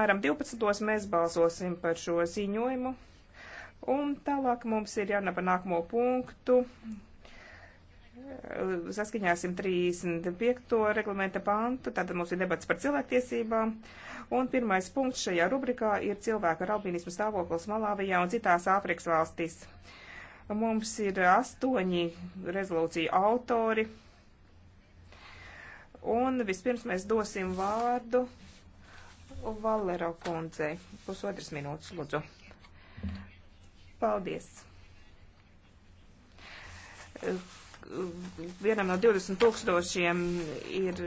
Apmēram 12. mēs balsosim par šo ziņojumu. Un tālāk mums ir jārunā par nākamo punktu. Saskaņā 135. reglamenta pantu, tātad mums ir debats par cilvēktiesībām. Un pirmais punkts šajā rubrikā ir cilvēku ar albīnismu stāvoklis Malāvijā un citās Āfrikas valstīs. Mums ir astoņi rezolūcija autori. Un vispirms mēs dosim vārdu Valero kundze, pusotras minūtes, lūdzu. Paldies. Vienam no 20 tūkstošiem ir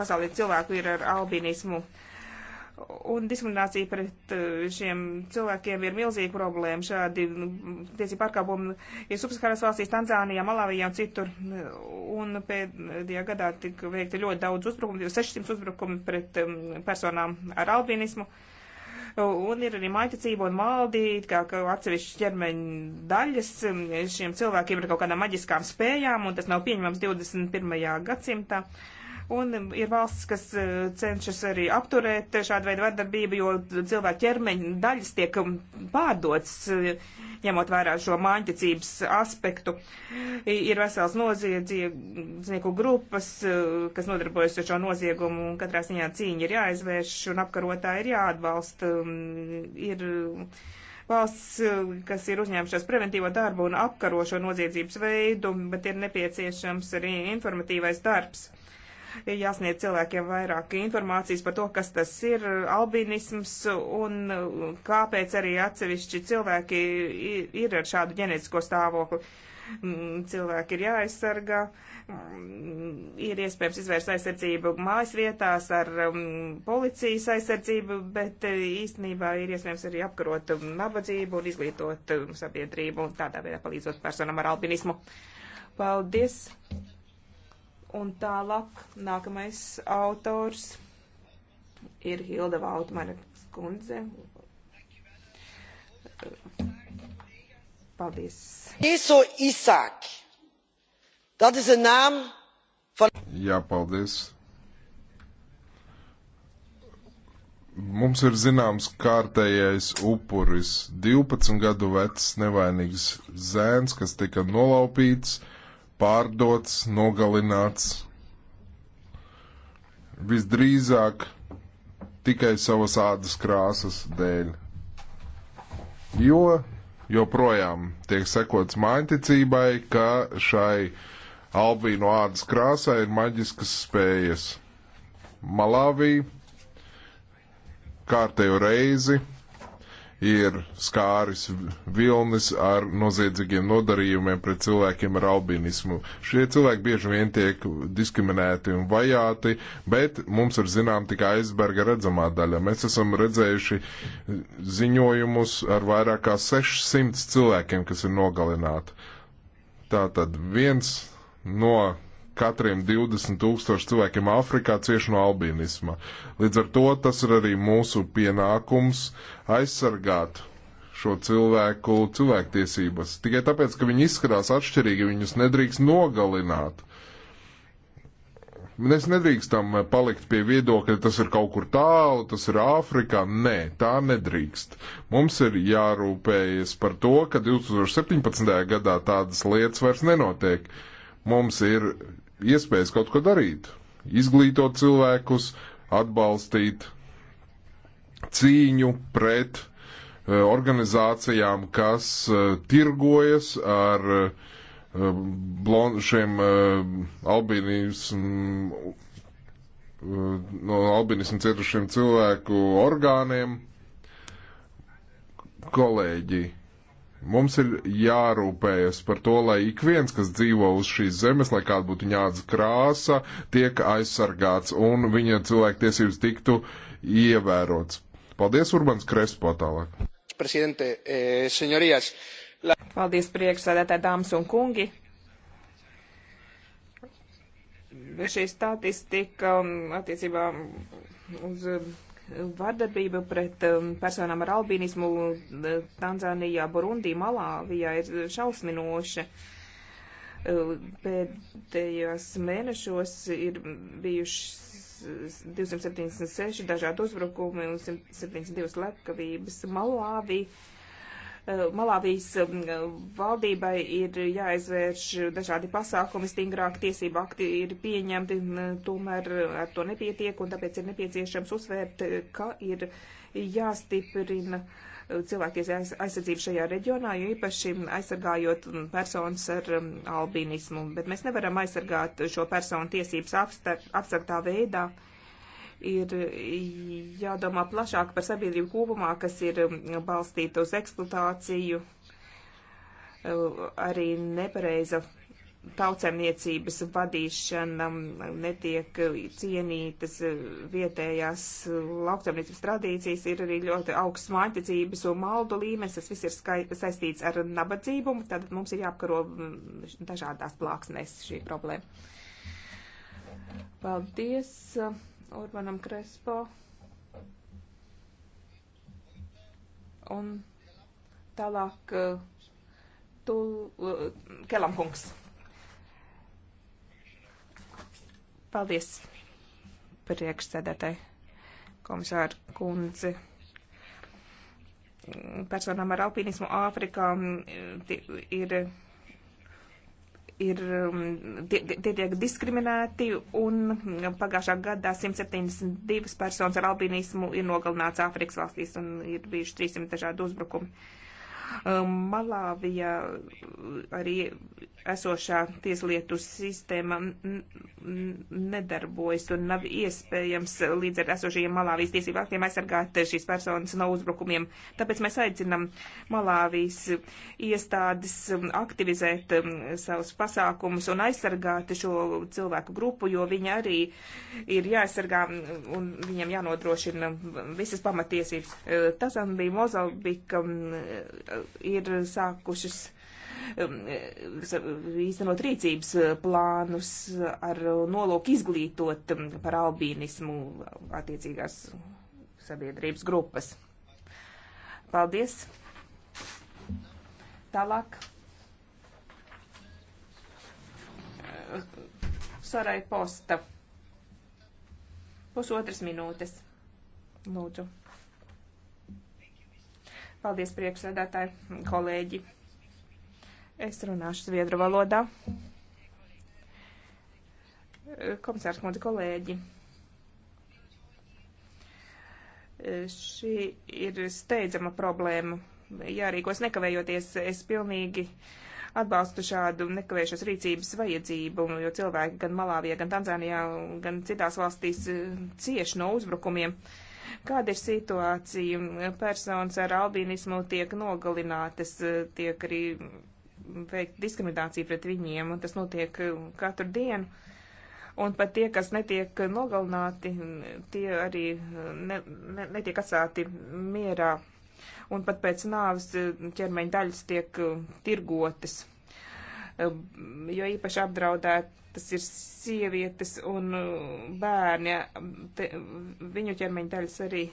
pasaulē cilvēku ir ar albinismu. Uh, Un diskriminācija pret eh, šiem cilvēkiem ir milzīga problēma. Šādi nu, tiesību pārkāpumi ir subsahāras valstīs, Tanzānijā, Malavijā un citur. Un pēdējā gadā tika veikti ļoti daudz uzbrukumu, 600 uzbrukumu pret personām ar albīnismu. Un ir arī maiticība un maldīt, kā, kā atsevišķi ķermeņa daļas. Šiem cilvēkiem ir kaut kādām maģiskām spējām, un tas nav pieņemams 21. gadsimtā. Uh, Un ir valsts, kas e, cenšas arī apturēt šādu veidu vardarbību, jo cilvēku ķermeņa daļas tiek pārdotas, e, ņemot vērā šo māņķicības aspektu. Ir vesels noziedznieku grupas, e, kas nodarbojas ar šo noziegumu, un katrā ziņā cīņa ir jāizvērš, un apkarotā ir jāatbalsta. Ir valsts, kas ir uzņēmušās preventīvo darbu un apkarošo noziedzības veidu, bet ir nepieciešams arī informatīvais darbs jāsniedz cilvēkiem vairāk informācijas par to, kas tas ir albinisms un uh, kāpēc arī atsevišķi cilvēki ir ar šādu ģenētisko stāvokli. Mm, cilvēki ir jāaizsargā, mm, ir iespējams izvērst aizsardzību mājas vietās ar mm, policijas aizsardzību, bet uh, īstenībā ir iespējams arī apkarot um, nabadzību un izglītot um, sabiedrību un tādā veidā palīdzot personam ar albinismu. Paldies! Un tālāk nākamais autors ir Hilda Vautmane kundze. Paldies. Jēso Isāk. Dat is een naam van. Jā, paldies. Mums ir zināms kārtējais upuris - 12 gadu vecs nevainīgs zēns, kas tika nolaupīts. Uh, pārdots, nogalināts. Visdrīzāk tikai savas ādas krāsas dēļ. Jo joprojām tiek sekots mājiņticībai, ka šai albīno ādas krāsai ir maģiskas spējas. Malavī kārtējo reizi ir skāris vilnis ar noziedzīgiem nodarījumiem pret cilvēkiem ar albinismu. Šie cilvēki bieži vien tiek diskriminēti un vajāti, bet mums ir zinām tikai aizberga redzamā daļa. Mēs esam redzējuši ziņojumus ar vairāk kā 600 cilvēkiem, kas ir nogalināti. Tātad viens no katriem 20 tūkstoši cilvēkiem Āfrikā cieši no albīnisma. Līdz ar to tas ir arī mūsu pienākums aizsargāt šo cilvēku cilvēktiesības. Tikai tāpēc, ka viņi izskatās atšķirīgi, viņus nedrīkst nogalināt. Mēs nedrīkstam palikt pie viedokļa, tas ir kaut kur tālu, tas ir Āfrikā. Nē, tā nedrīkst. Mums ir jārūpējas par to, ka 2017. gadā tādas lietas vairs nenotiek. Mums ir iespējas kaut ko darīt, izglītot cilvēkus, atbalstīt cīņu pret eh, organizācijām, kas eh, tirgojas ar eh, blond, šiem albīnijas no albinismu cietušiem cilvēku orgāniem. Kolēģi, Mums ir jārūpējas par to, lai ik viens, kas dzīvo uz šīs zemes, lai kāda būtu ņādas krāsa, tiek aizsargāts un viņa cilvēktiesības tiktu ievērots. Paldies, Urbans Krespo tālāk. Eh, Paldies, priekšsēdētāji, dāmas un kungi šī statistika um, attiecībā uz Vardarbība pret um, personām ar albīnismu uh, Tanzānijā, Burundī, Malāvijā ir šausminoša. Uh, pēdējos mēnešos ir bijušas 276 dažādi uzbrukumi un 172 lekavības Malāvija Eh, Malāvijas mm, valdībai ir jāizvērš dažādi pasākumi, stingrāk tiesību akti ir pieņemti, mm, tomēr ar to nepietiek, un tāpēc ir nepieciešams uzsvērt, ka ir jāstiprina eh, cilvēktiesības aizsardzību šajā reģionā, jo īpaši aizsargājot mm, personas ar albīnismu. Bet mēs nevaram aizsargāt šo personu tiesības abstraktā veidā. Uh, ir jādomā plašāk par sabiedrību kopumā, kas ir um, balstīta uz eksploatāciju, uh, arī nepareiza tautsēmniecības vadīšana netiek cienītas uh, vietējās uh, lauksaimniecības tradīcijas, ir arī ļoti augsts mājdedzības un maldu līmenis, tas viss ir skai, saistīts ar nabadzību, tad mums ir jāapkaro mm, dažādās plāksnēs šī problēma. Paldies! Urbanam Krespo un tālāk eh, tu, eh, Kelam kungs. Paldies priekšsēdētai komisāra kundze personām ar alpīnismu Āfrikā mm, ir ir, um, tie, tie tiek diskriminēti, un pagājušā gadā 172 personas ar albīnismu ir nogalināts Āfrikas valstīs, un ir bijuši 300 dažādi uzbrukumi. Uh, Um, Malāvijā uh, arī esošā tieslietu sistēma nedarbojas un nav iespējams līdz ar esošajiem Malāvijas tiesību aktiem aizsargāt šīs personas no uzbrukumiem. Tāpēc mēs aicinam Malāvijas iestādes um, aktivizēt um, savus pasākumus un aizsargāt šo cilvēku grupu, jo viņi arī ir jāaizsargā un viņiem jānodrošina visas pamatiesības. Uh, Tas bija Mozambika ir sākušas um, īstenot rīcības plānus ar nolūku izglītot um, par albīnismu attiecīgās sabiedrības grupas. Paldies! Tālāk. Sarai posta. Pusotras minūtes. Lūdzu. Paldies, priekšsēdētāji, kolēģi. Es runāšu zviedru valodā. Komisārs kundze, kolēģi. Šī ir steidzama problēma. Jārīkos nekavējoties, es pilnīgi atbalstu šādu nekavējušos rīcības vajadzību, jo cilvēki gan Malāvijā, gan Tanzānijā, gan citās valstīs cieši no uzbrukumiem. Uh, Kāda ir situācija? Personas ar albīnismu tiek nogalinātas, tiek arī veikt diskrimināciju pret viņiem, un tas notiek uh, katru dienu. Un pat tie, kas netiek nogalināti, tie arī uh, ne, ne, netiek atstāti mierā. Un pat pēc nāves uh, ķermeņa daļas tiek tirgotas jo īpaši apdraudētas ir sievietes un uh, bērni. Te, viņu ķermeņa daļas arī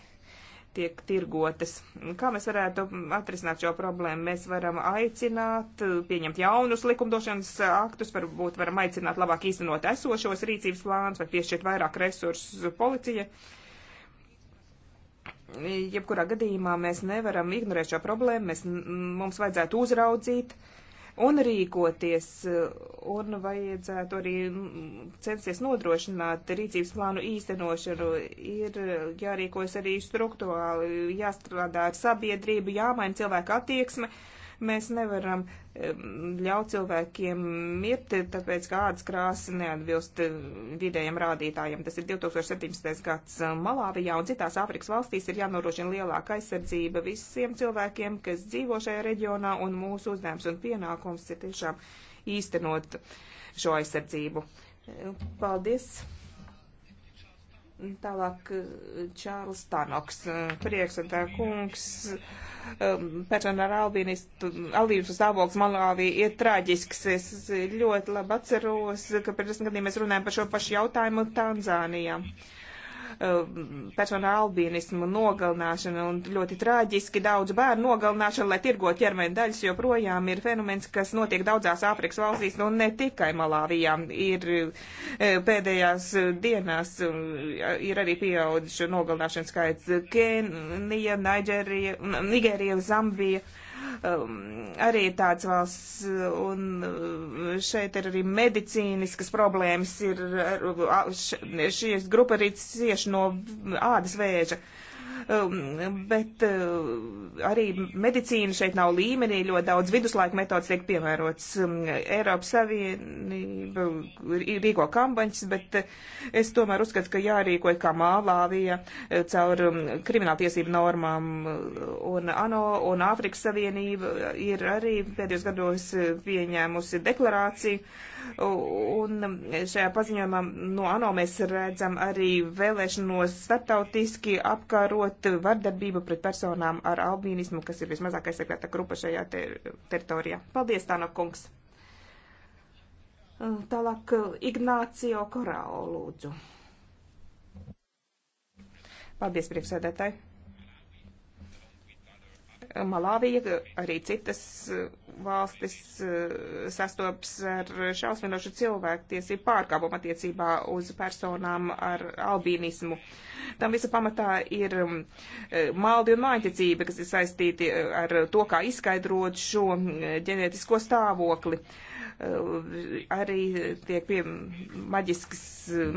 tiek tirgotas. Kā mēs varētu atrisināt šo problēmu? Mēs varam aicināt, uh, pieņemt jaunus likumdošanas aktus, varbūt varam aicināt labāk īstenot esošos rīcības plānus vai piešķirt vairāk resursus policija. Jebkurā gadījumā mēs nevaram ignorēt šo problēmu, mēs, mums vajadzētu uzraudzīt uh, un rīkoties, un vajadzētu arī mm, censties nodrošināt rīcības plānu īstenošanu. Ir jārīkojas arī struktūrāli, jāstrādā ar sabiedrību, jāmaina cilvēka attieksme. Uh, Mēs nevaram ļaut cilvēkiem mirt, tāpēc kā ādas krāsa neatbilst eh, vidējiem rādītājiem. Tas ir 2017. gads eh, Malāvijā un citās Āfrikas valstīs ir jānorošina lielāka aizsardzība visiem cilvēkiem, kas dzīvo šajā reģionā, un mūsu uzdevums un pienākums ir tiešām īstenot šo aizsardzību. Eh, paldies! Tālāk eh, Čārls Tanoks, eh, prieks un tā kungs, eh, persona ar albīnistu, albīnistu stāvoklis Malāvī ir traģisks. Es ļoti labi atceros, ka pirms gadiem mēs runājam par šo pašu jautājumu Tanzānijā. Uh, Eh, personu albīnismu nogalināšana un ļoti traģiski daudz bērnu nogalināšana, lai tirgo ķermeņa daļas, joprojām ir fenomens, kas notiek daudzās Āfrikas valstīs, un nu, ne tikai Malāvijā. Ir eh, pēdējās dienās eh, ir arī pieauguši nogalināšanas skaits Kenija, Nigerija, Zambija. Um, arī tāds valsts, un uh, šeit ir arī medicīniskas problēmas, ir, uh, šies grupa arī cieši no ādas vēža. Uh, Um, bet uh, arī medicīna šeit nav līmenī, ļoti daudz viduslaika metodas tiek piemērots. Um, Eiropas Savienība rīko kampaņas, bet uh, es tomēr uzskatu, ka jārīko kā Mālāvija uh, caur um, krimināltiesību normām un ANO un Āfrikas Savienība ir arī pēdējos gados pieņēmusi deklarāciju. Un šajā paziņojumā no ANO mēs redzam arī vēlēšanos starptautiski apkārot apkarot vardarbību pret personām ar albīnismu, kas ir vismazāk aizsargāta grupa šajā ter teritorijā. Paldies, Tāna kungs! Tālāk Ignācijo Korālo lūdzu. Paldies, priekšsēdētāji! Malāvija, arī citas valstis eh, sastopas ar šausminošu cilvēktiesību pārkāpumu attiecībā uz personām ar albīnismu. Tam visu pamatā ir mm, eh, maldi un mājticība, kas ir saistīti eh, ar to, kā izskaidrot šo mm, ģenētisko stāvokli. Uh, arī tiek pie maģisks,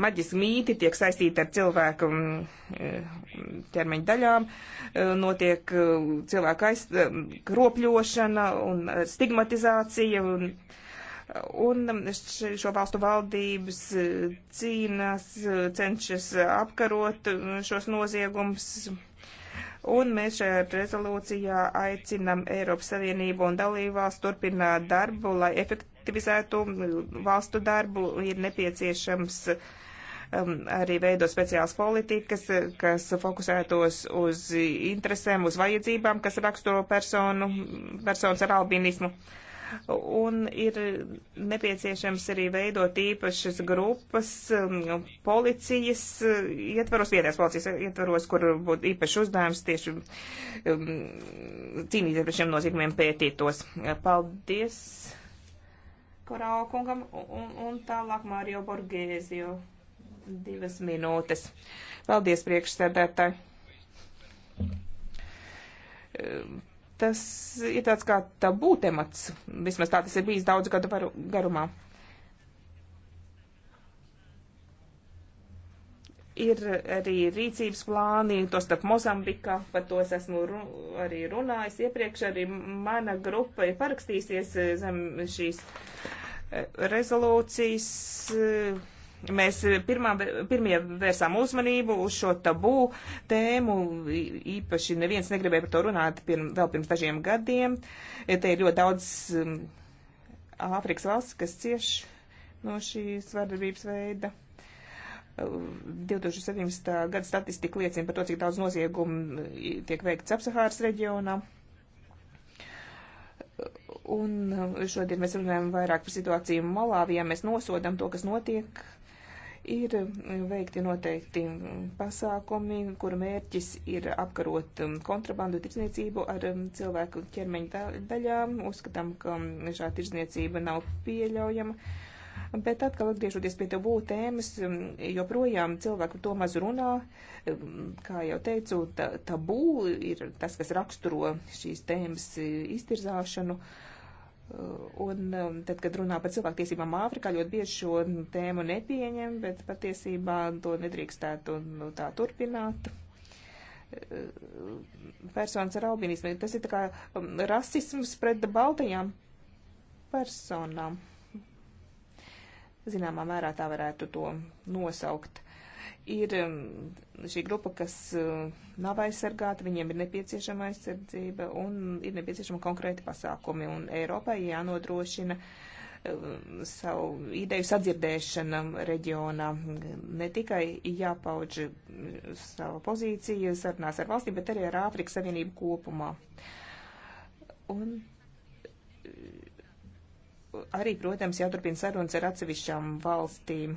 maģiski mīti, tiek saistīti ar cilvēku mm, mm, ķermeņa daļām, e, notiek e, cilvēka aiz, e, kropļošana un stigmatizācija. Un, Un šo valstu valdības cīnās, cenšas apkarot šos noziegumus. Un mēs šajā rezolūcijā aicinam Eiropas Savienību un dalībvalsts turpināt darbu, lai efekt, aktivizētu valstu darbu, ir nepieciešams um, arī veidot speciālas politikas, kas fokusētos uz interesēm, uz vajadzībām, kas raksturo personu, personas ar albinismu. Un ir nepieciešams arī veidot īpašas grupas um, policijas uh, ietvaros, vietējās policijas ietvaros, kur būtu īpašs uzdevums tieši um, cīnīties par šiem noziegumiem pētītos. Paldies! Korau kungam un, un tālāk Mārio Borgēzio divas minūtes. Paldies, priekšsēdētāji. Tas ir tāds kā tabū temats, vismaz tā tas ir bijis daudz gadu varu, garumā. ir arī rīcības plāni, to starp Mozambikā, par to es esmu ru, arī runājis iepriekš, arī mana grupa ir parakstīsies eh, zem šīs rezolūcijas eh, mēs pirmā, pirmie vērsām uzmanību uz šo tabū tēmu, īpaši neviens negribēja par to runāt pirm, vēl pirms dažiem gadiem. Eh, te ir ļoti daudz mm, Āfrikas valsts, kas cieš no šīs vardarbības veida. 2017. Eh, gada statistika liecina par to, cik daudz noziegumu tiek veikts apsahāras reģionā. Un uh, šodien mēs runājam vairāk par situāciju Malāvijā, mēs nosodam to, kas notiek. Ir uh, veikti noteikti pasākumi, kuru mērķis ir apkarot um, kontrabandu tirdzniecību ar um, cilvēku ķermeņa daļām. Uzskatām, ka um, šā tirdzniecība nav pieļaujama Bet atkal atgriežoties pie tev tēmas, mm, joprojām cilvēki to maz runā. Mm, kā jau teicu, tabū ir tas, kas raksturo šīs tēmas iztirzāšanu. Uh, un mm, tad, kad runā par cilvēktiesībām Āfrikā, ļoti bieži šo tēmu nepieņem, bet patiesībā to nedrīkstētu nu, tā turpināt uh, personas ar albinismu. Tas ir tā kā rasisms pret baltajām personām zināmā mērā tā varētu to nosaukt. Ir um, šī grupa, kas uh, nav aizsargāta, viņiem ir nepieciešama aizsardzība un ir nepieciešama konkrēti pasākumi. Un Eiropai jānodrošina um, savu ideju sadzirdēšana reģionā. Ne tikai jāpauž uh, savu pozīciju sarunās ar valstīm, bet arī ar Āfrikas Savienību kopumā. Un arī, protams, jāturpina sarunas ar atsevišķām valstīm,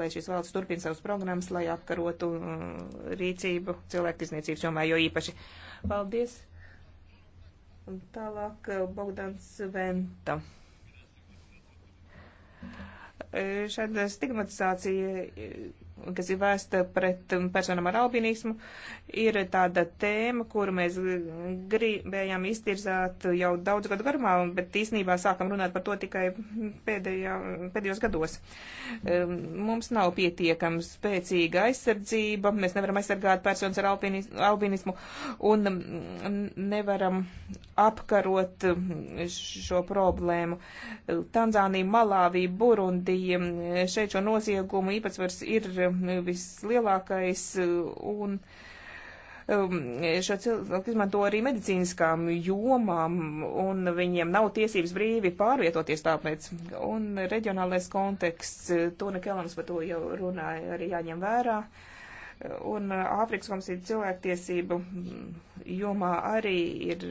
lai šīs valsts turpina savus programmas, lai apkarotu mm, rīcību cilvēktiesniecības jomā, jo īpaši. Paldies! Un tālāk eh, Bogdans Venta. Eh, šāda stigmatizācija eh, kas ir vēsta pret personam ar albinismu, ir tāda tēma, kuru mēs gribējām iztirzāt jau daudz gadu garumā, bet īsnībā sākam runāt par to tikai pēdējā, pēdējos gados. Ehm, mums nav pietiekama spēcīga aizsardzība, mēs nevaram aizsargāt personas ar albinismu un mm, nevaram apkarot šo problēmu. Tanzānija, Malāvija, Burundija, mm, šeit šo noziegumu īpatsvars ir vislielākais, un um, šo cilvēku izmanto arī medicīniskām jomām, un viņiem nav tiesības brīvi pārvietoties tāpēc. Un reģionālais konteksts, Tūna Kelams par to jau runāja, arī jāņem vērā. Uh, Un uh, Āfrikas komisija cilvēktiesību mm, jomā arī ir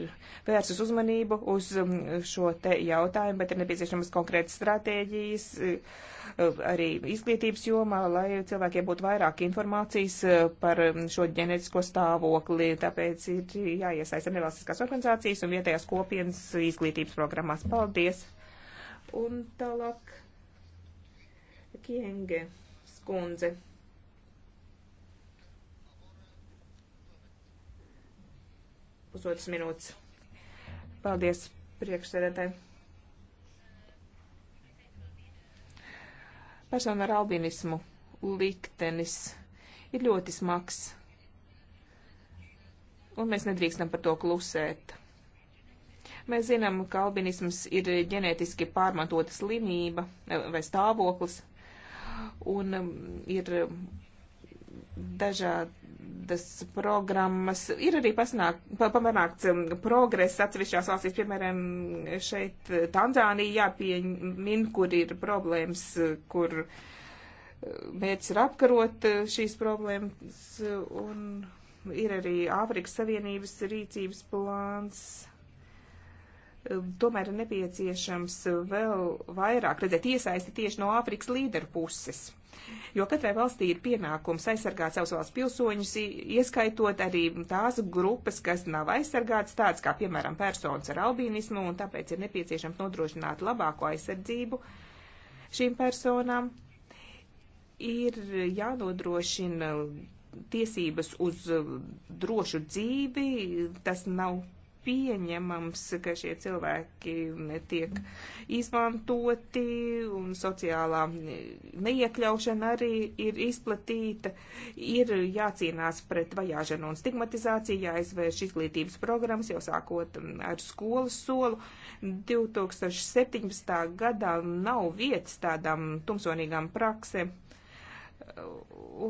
vērsus uzmanību uz mm, šo te jautājumu, bet ir nepieciešamas konkrētas stratēģijas uh, uh, arī izglītības jomā, lai cilvēkiem būtu vairāk informācijas par mm, šo ģenetisko stāvokli. Tāpēc ir jāiesaista nevalstiskās organizācijas un vietējās kopienas izglītības programmās. Paldies! Un tālāk Kienge skundze. pusotras minūtes. Paldies priekšsēdētāji. Persona ar albinismu liktenis ir ļoti smags. Un mēs nedrīkstam par to klusēt. Mēs zinām, ka albinisms ir ģenētiski pārmantota slimība e, vai stāvoklis, un um, ir dažādi tādas programmas. Ir arī pasnāk, pamanākts um, progress atsevišķās valstīs, piemēram, šeit eh, Tanzānija jāpiemin, kur ir problēmas, eh, kur eh, mērķis ir apkarot šīs problēmas, un ir arī Āfrikas Savienības rīcības plāns. Tomēr ir nepieciešams vēl vairāk redzēt iesaisti tieši no Āfrikas līderu puses jo katrai valstī ir pienākums aizsargāt savus valsts pilsoņus, ieskaitot arī tās grupas, kas nav aizsargātas, tādas kā, piemēram, personas ar albīnismu, un tāpēc ir nepieciešams nodrošināt labāko aizsardzību šīm personām. Ir jānodrošina tiesības uz drošu dzīvi, tas nav pieņemams, ka šie cilvēki netiek izmantoti un sociālā neiekļaušana arī ir izplatīta. Ir jācīnās pret vajāšanu un stigmatizāciju, jāizvērš izglītības programmas jau sākot ar skolas solu. 2017. gadā nav vietas tādām tumsonīgām praksēm.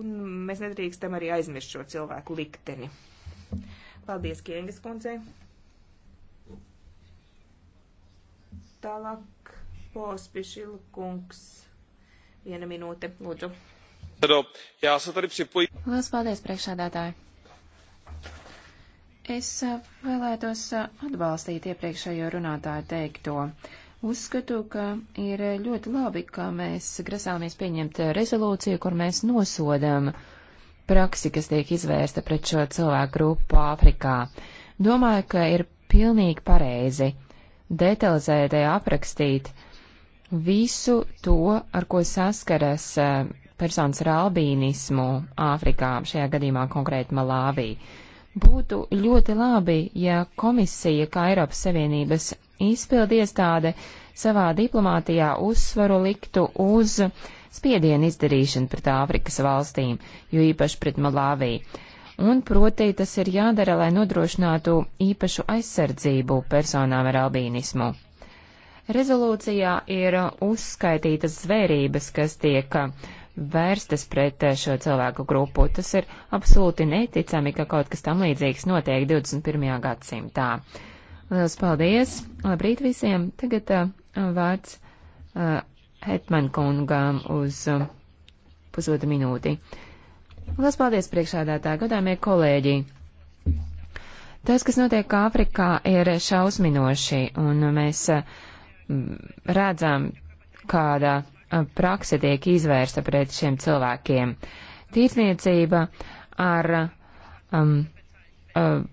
Un mēs nedrīkstam arī aizmirst šo cilvēku likteni. Paldies, Kiengas kundzei! Tālāk Pospišila kungs. Viena minūte, lūdzu. Lielas paldies, priekšādātāji. Es vēlētos atbalstīt iepriekšējo runātāju teikto. Uzskatu, ka ir ļoti labi, ka mēs grasāmies pieņemt rezolūciju, kur mēs nosodam praksi, kas tiek izvērsta pret šo cilvēku grupu Āfrikā. Domāju, ka ir pilnīgi pareizi detalizēti aprakstīt visu to, ar ko saskaras e, personas ar albīnismu Āfrikā, šajā gadījumā konkrēti Malāvī. Būtu ļoti labi, ja komisija, kā Eiropas Savienības izpildiestāde, savā diplomātijā uzsvaru liktu uz spiedienu izdarīšanu pret Āfrikas valstīm, jo īpaši pret Malāviju un proti tas ir jādara, lai nodrošinātu īpašu aizsardzību personām ar albīnismu. Rezolūcijā ir uzskaitītas zvērības, kas tiek vērstas pret šo cilvēku grupu. Tas ir absolūti neticami, ka kaut kas tam līdzīgs notiek 21. gadsimtā. Lielas paldies! Labrīt visiem! Tagad uh, vārds uh, Hetman kungām uz uh, pusotru minūti. Uh, Lielas paldies priekšādātā, godāmie kolēģi! Tas, kas notiek Āfrikā, ir šausminoši, un mēs redzam, kāda prakse tiek izvērsta pret šiem cilvēkiem. Tīrniecība ar um, um,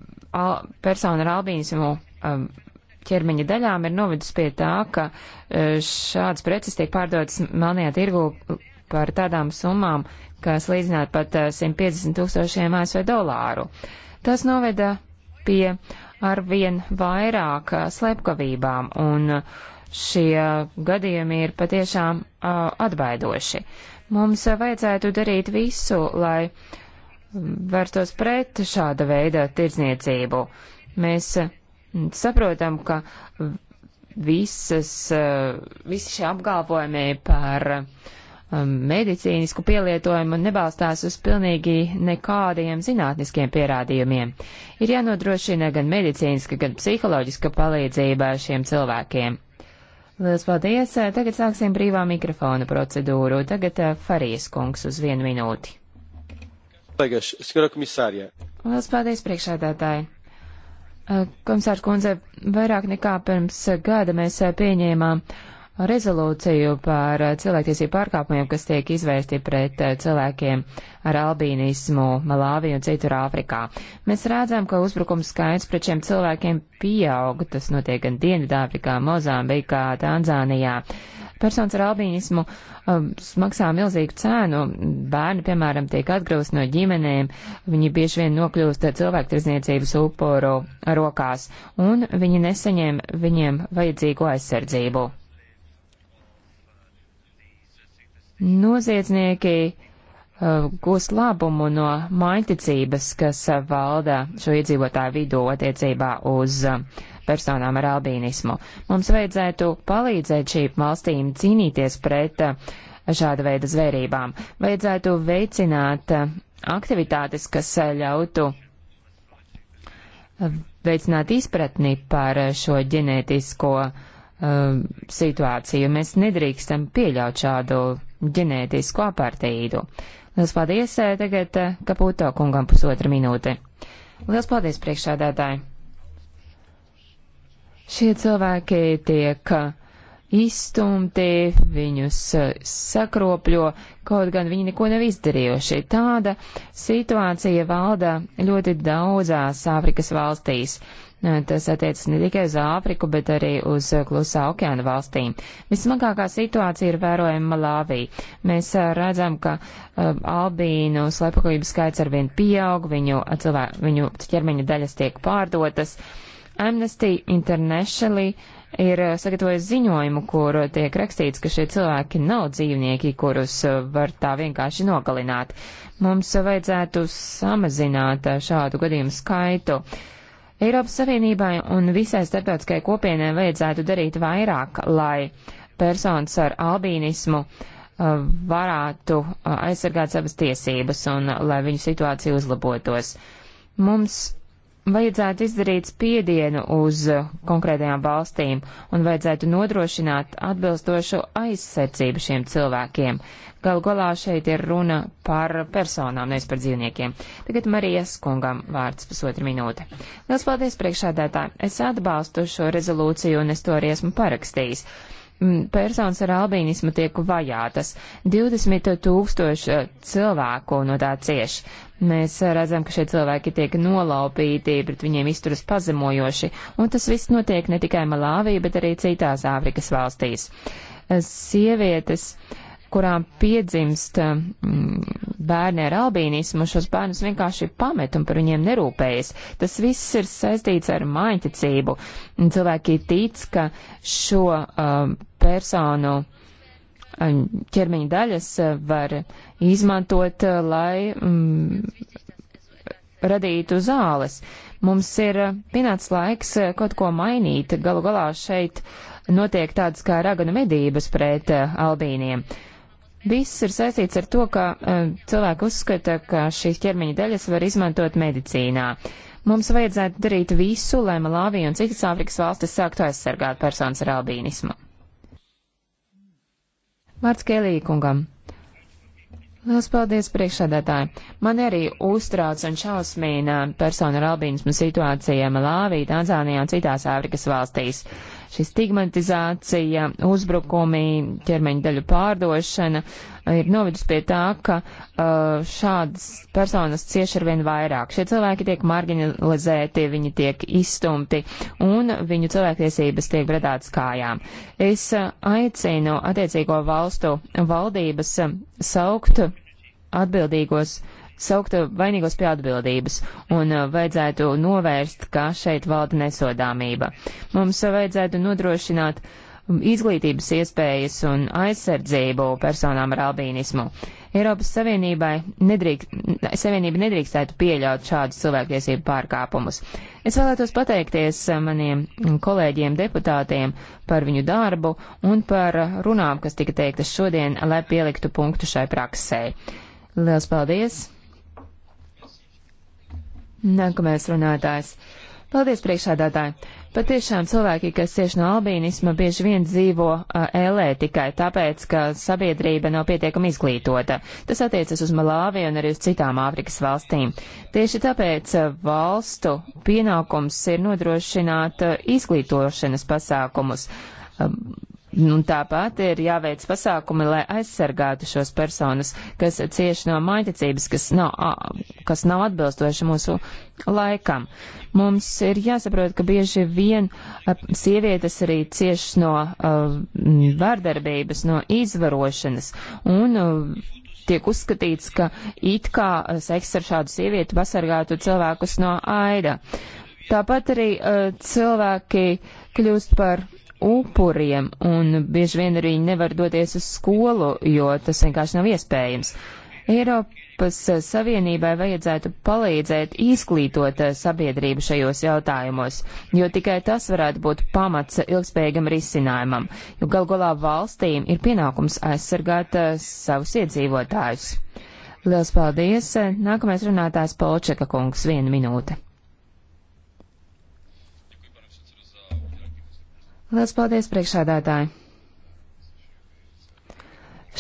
al, personu ar albīnismu um, ķermeņa daļām ir novedus pie tā, ka e, šādas preces tiek pārdotas melnajā tirgu par tādām summām, kas līdzinātu pat 150 eh, tūkstošiem ASV dolāru. Tas noveda pie arvien vairāk eh, slepkavībām, un eh, šie gadījumi ir patiešām uh, atbaidoši. Mums vajadzētu darīt visu, lai mm, vērstos pret šāda veida tirdzniecību. Mēs mm, saprotam, ka visas, visi šie apgalvojumi par uh, Um, medicīnisku pielietojumu nebalstās uz pilnīgi nekādiem zinātniskiem pierādījumiem. Ir jānodrošina gan medicīniska, gan psiholoģiska palīdzība šiem cilvēkiem. Lielas paldies! Tagad sāksim brīvā mikrofona procedūru. Tagad uh, Farijas kungs uz vienu minūti. Lielas paldies, priekšādātāji! Uh, komisārs kundze, vairāk nekā pirms gada mēs uh, pieņēmām uh, rezolūciju par eh, cilvēktiesību pārkāpumiem, kas tiek izvērsti pret eh, cilvēkiem ar albīnismu Malāviju un citur Āfrikā. Mēs redzam, ka uzbrukums skaits pret šiem cilvēkiem pieaug. Tas notiek gan Dienvidāfrikā, Mozambikā, Tanzānijā. Personas ar albīnismu um, maksā milzīgu cēnu. Bērni, piemēram, tiek atgrūst no ģimenēm, viņi bieži vien nokļūst eh, cilvēktirdzniecības upuru rokās, un viņi nesaņem viņiem vajadzīgo aizsardzību. Noziedznieki uh, gūs labumu no maiticības, kas uh, valda šo iedzīvotāju vidū attiecībā uz uh, personām ar albīnismu. Mums vajadzētu palīdzēt šīm valstīm cīnīties pret uh, šāda veida zvērībām. Vajadzētu veicināt uh, aktivitātes, kas uh, ļautu veicināt izpratni par šo ģenētisko uh, situāciju. Mēs nedrīkstam pieļaut šādu ģenētisku apartīdu. Lielas paldies, eh, tagad eh, Kaputo kungam pusotra minūte. Lielas paldies priekšādātāji. Šie cilvēki tiek eh, izstumti, viņus sakropļo, kaut gan viņi neko nav izdarījuši. Tāda situācija valda ļoti daudzās Āfrikas valstīs. Nu, tas attiecas ne tikai uz Āfriku, bet arī uz klusā okeāna valstīm. Vismagākā situācija ir vērojama Malāvī. Mēs redzam, ka albīnu slepkavību skaits arvien pieaug, viņu, cilvē, viņu ķermeņa daļas tiek pārdotas. Amnesty International ir sagatavojis ziņojumu, kur tiek rakstīts, ka šie cilvēki nav dzīvnieki, kurus var tā vienkārši nogalināt. Mums vajadzētu samazināt šādu gadījumu skaitu. Uh, Eiropas Savienībai un visai starptautiskajai kopienai vajadzētu darīt vairāk, lai personas ar albīnismu uh, varētu uh, aizsargāt savas tiesības un uh, lai viņu situācija uzlabotos. Mums vajadzētu izdarīt spiedienu uz konkrētajām valstīm un vajadzētu nodrošināt atbilstošu aizsardzību šiem cilvēkiem. Galu galā šeit ir runa par personām, nevis par dzīvniekiem. Tagad Marijas kungam vārds pusotra minūte. Lielas paldies priekšādētāji. Es atbalstu šo rezolūciju un es to arī esmu parakstījis personas ar albīnismu tiek vajātas. 20 tūkstoši eh, cilvēku no tā cieš. Mēs eh, redzam, ka šie cilvēki tiek nolaupīti, pret viņiem izturas pazemojoši, un tas viss notiek ne tikai Malāvī, bet arī citās Āfrikas valstīs. Eh, sievietes uh, kurām piedzimst um, bērni ar albīnismu, šos bērnus vienkārši pamet un par viņiem nerūpējas. Tas viss ir saistīts ar mājiņticību. Cilvēki tic, ka šo um, personu um, ķermeņa daļas uh, var izmantot, uh, lai mm, radītu zāles. Mums ir uh, pienācis laiks kaut ko mainīt. Galu galā šeit notiek tādas kā raganu medības pret albīniem. Uh, Viss ir saistīts ar to, ka uh, cilvēki uzskata, ka šīs ķermeņa daļas var izmantot medicīnā. Mums vajadzētu darīt visu, lai Malāvija un citas Āfrikas valstis sāktu aizsargāt personas ar albīnismu. Vārds Kēlī kungam. Lielas paldies priekšsēdētāji. Man arī uztrauc un šausmīna persona ar albīnismu situācija Malāvī, Tanzānijā un citās Āfrikas valstīs. Šī stigmatizācija, uzbrukumi, ķermeņa daļu pārdošana ir novedus pie tā, ka uh, šādas personas cieš ar vien vairāk. Šie cilvēki tiek marginalizēti, viņi tiek izstumti un viņu cilvēktiesības tiek bredātas kājām. Es uh, aicinu attiecīgo valstu valdības uh, saukt atbildīgos saukt vainīgos pie atbildības un uh, vajadzētu novērst, ka šeit valda nesodāmība. Mums vajadzētu nodrošināt um, izglītības iespējas un aizsardzību personām ar albīnismu. Eiropas Savienībai nedrīkst, Savienība nedrīkstētu pieļaut šādus cilvēktiesību pārkāpumus. Es vēlētos pateikties uh, maniem kolēģiem deputātiem par viņu darbu un par runām, kas tika teiktas šodien, lai pieliktu punktu šai praksē. Liels paldies! Nākamais runātājs. Paldies, priekšādātāji. Patiešām cilvēki, kas cieši no albīnisma, bieži vien dzīvo uh, ēlē tikai tāpēc, ka sabiedrība nav pietiekami izglītota. Tas attiecas uz Malāviju un arī uz citām Āfrikas valstīm. Tieši tāpēc valstu pienākums ir nodrošināt izglītošanas pasākumus Nu, un tāpat ir jāveic pasākumi, lai aizsargātu šos personas, kas cieši no maiticības, kas nav, kas nav atbilstoši mūsu laikam. Mums ir jāsaprot, ka bieži vien sievietes arī cieši no uh, vardarbības, no izvarošanas. Un, uh, tiek uzskatīts, ka it kā seks ar šādu sievieti pasargātu cilvēkus no aida. Tāpat arī uh, cilvēki kļūst par upuriem, un bieži vien arī nevar doties uz skolu, jo tas vienkārši nav iespējams. Eiropas Savienībai vajadzētu palīdzēt izglītot sabiedrību šajos jautājumos, jo tikai tas varētu būt pamats ilgspējīgam risinājumam, jo gal galā valstīm ir pienākums aizsargāt eh, savus iedzīvotājus. Liels paldies! Nākamais runātājs Polčeka kungs, viena minūte. Lielas paldies, priekšādātāji!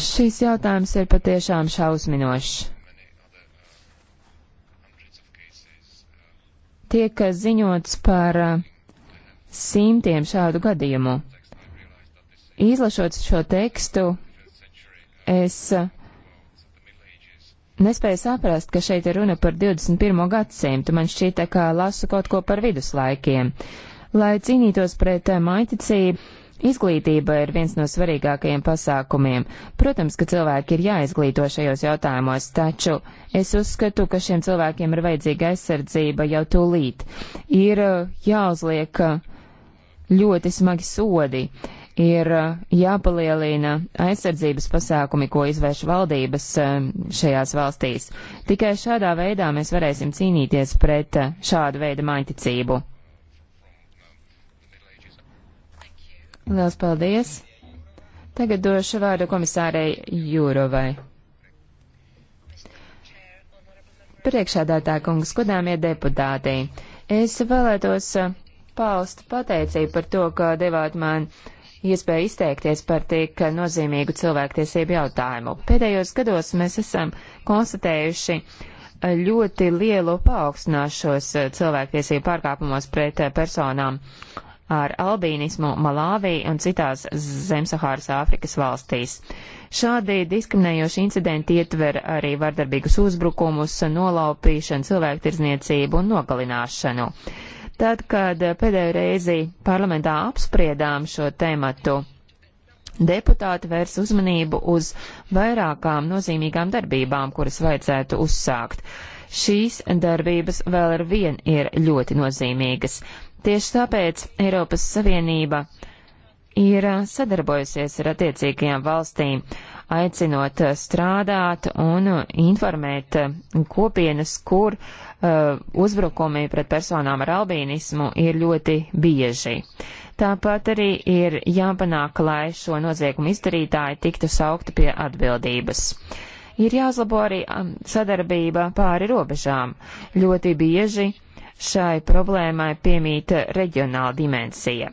Šis jautājums ir patiešām šausminošs. Tiek ziņots par uh, simtiem šādu gadījumu. Izlašot šo tekstu, es uh, nespēju saprast, ka šeit ir runa par 21. gadsimtu. Man šķita, ka lasu kaut ko par viduslaikiem. Uh, Lai cīnītos pret eh, maiticību, izglītība ir viens no svarīgākajiem pasākumiem. Protams, ka cilvēki ir jāizglīto šajos jautājumos, taču es uzskatu, ka šiem cilvēkiem ir vajadzīga aizsardzība jau tūlīt. Ir eh, jāuzliek eh, ļoti smagi sodi ir jāpalielina aizsardzības pasākumi, ko izvērš valdības šajās valstīs. Tikai šādā veidā mēs varēsim cīnīties pret šādu veidu maiticību. Lielas paldies! Tagad došu vārdu komisārei Jūrovai. Priekšādātā kungs, godāmie deputāti, es vēlētos uh, paust pateicību par to, ka devāt man iespēju izteikties par tik nozīmīgu cilvēktiesību jautājumu. Pēdējos gados mēs esam konstatējuši uh, ļoti lielu paaugstināšos uh, cilvēktiesību pārkāpumos pret personām ar albīnismu Malāvī un citās Zemsahāras Āfrikas valstīs. Šādi diskriminējoši incidenti ietver arī vardarbīgus uzbrukumus, nolaupīšanu, cilvēktirzniecību un nogalināšanu. Tad, kad pēdējo reizi parlamentā apspriedām šo tēmatu, deputāti vērs uzmanību uz vairākām nozīmīgām darbībām, kuras vajadzētu uzsākt. Šīs darbības vēl ar vien ir ļoti nozīmīgas. Tieši tāpēc Eiropas Savienība ir sadarbojusies ar attiecīgajām valstīm, aicinot strādāt un informēt kopienas, kur uh, uzbrukumi pret personām ar albīnismu ir ļoti bieži. Tāpat arī ir jāpanāk, lai šo noziegumu izdarītāji tiktu saukti pie atbildības ir jāuzlabo arī um, sadarbība pāri robežām. Ļoti bieži šai problēmai piemīta reģionāla dimensija.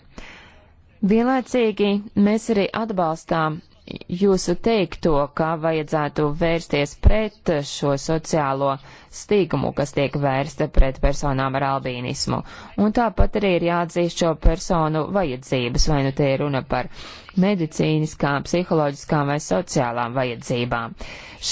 Vienlaicīgi mēs arī atbalstām jūsu teikto, ka vajadzētu vērsties pret šo sociālo stīgumu, kas tiek vērsta pret personām ar albīnismu. Un tāpat arī ir jāatzīst šo personu vajadzības, vai nu te ir runa par medicīniskām, psiholoģiskām vai sociālām vajadzībām.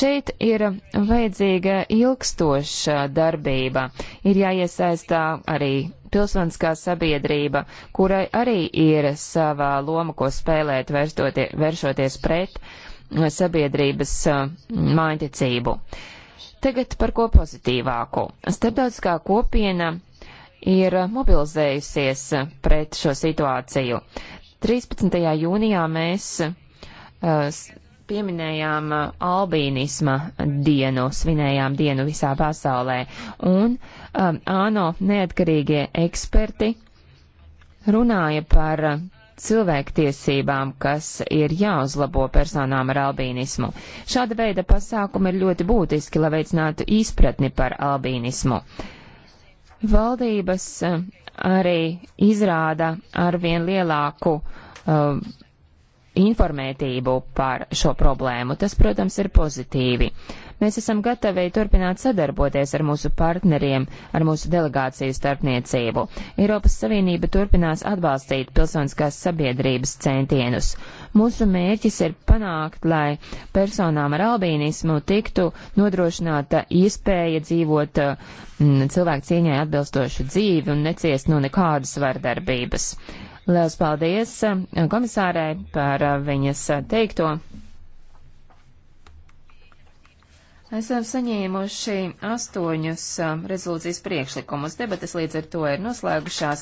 Šeit ir vajadzīga ilgstoša darbība, ir jāiesaistā arī pilsoniskā sabiedrība, kurai arī ir savā loma, ko spēlēt, vēršoties pret eh, sabiedrības eh, mājticību. Tagad par ko pozitīvāku. Starptautiskā kopiena ir mobilizējusies pret šo situāciju. 13. jūnijā mēs eh, pieminējām uh, albīnisma dienu, svinējām dienu visā pasaulē, un um, ANO neatkarīgie eksperti runāja par uh, cilvēktiesībām, kas ir jāuzlabo personām ar albīnismu. Šāda veida pasākumi ir ļoti būtiski, lai veicinātu izpratni par albīnismu. Valdības uh, arī izrāda arvien lielāku uh, informētību par šo problēmu. Tas, protams, ir pozitīvi. Mēs esam gatavi turpināt sadarboties ar mūsu partneriem, ar mūsu delegāciju starpniecību. Eiropas Savienība turpinās atbalstīt pilsoniskās sabiedrības centienus. Mūsu mērķis ir panākt, lai personām ar albīnismu tiktu nodrošināta iespēja dzīvot mm, cilvēku cieņai atbilstošu dzīvi un neciest no nekādas vardarbības. Liels paldies um, komisārai par uh, viņas uh, teikto. Esam saņēmuši astoņus um, rezolūcijas priekšlikumus. Debates līdz ar to ir noslēgušās.